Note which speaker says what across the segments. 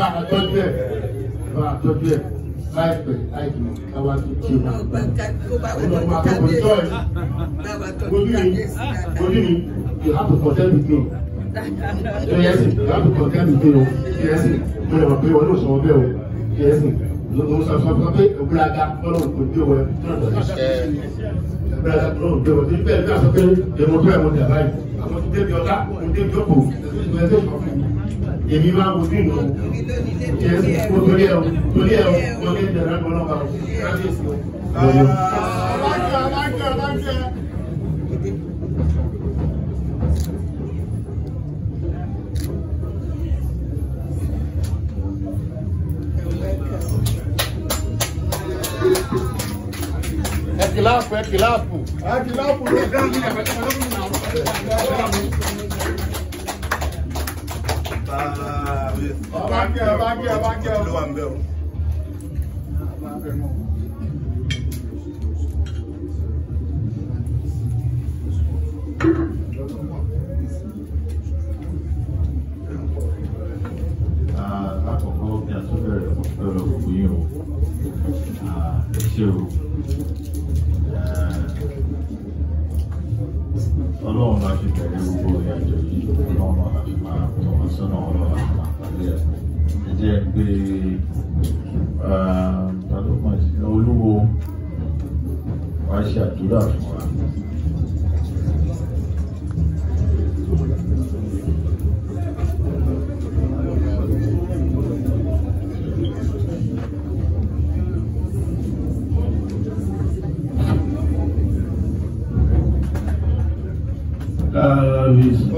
Speaker 1: bá a tọ́jú ẹ̀ bá a tọ́jú ẹ̀ láìpẹ́ láìpẹ́ káwá tó ti o. olùkọ́ àkọ́kọ́ ìjọ ẹ̀ gomini gomini you have to contend with me. yẹ́sì you have to contend with me ìgbésẹ̀ ìfọ̀fẹ́ èmi máa wo sí nǹkan jẹ mo torí ẹ o torí ẹ o mo ní ìjọba ẹgbẹ ọlọpàá o kábíyèsí o. Ẹ kìláàpù, ẹ kìláàpù. Ẹ kìláàpù ló dá mi. Olha up, back up, back up. Continua andando. Ah, tá com o que é super, super frio. Ah, tio. Ọlọ́run láti tẹ̀lé gbogbo ìrìnàjò yìí, ọlọ́run láti máa tọ̀wọ́ sọ́nà ọ̀rọ̀. nàìjíríà ẹ jẹ́ pé olúwo wàá ṣe àdúrà fún wa.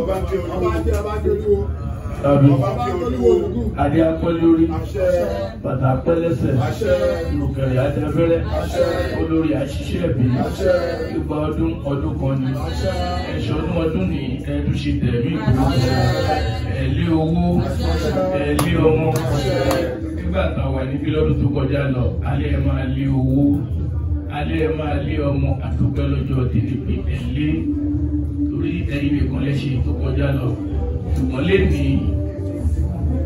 Speaker 1: Ọba ń bí ojú tàbí adé apẹ́lẹ́ orí bàtà apẹ́lẹ́sẹ̀ ìrùkẹ̀rẹ̀ adẹ́fẹ́rẹ́ olórí àṣìṣe ẹ̀bí ìgbà ọdún ọdún kan ni ẹ̀ṣọ́ ọdún ọdún ni ẹ̀dùn ṣe tẹ̀mí ìgbòho ẹ̀lé owó ẹ̀lé ọmọ nígbà táwa níbi lọ́dún tó kọjá lọ alẹ́ ẹ̀ máa lé owó alẹ́ ẹ̀ máa lé ọmọ àtúgbẹ́ lọ́jọ́ tìlípì ẹ̀lé torí ẹ̀yìn ìkànlẹ̀ ṣe tó kọjá lọ ṣùgbọ́n lẹ́nìí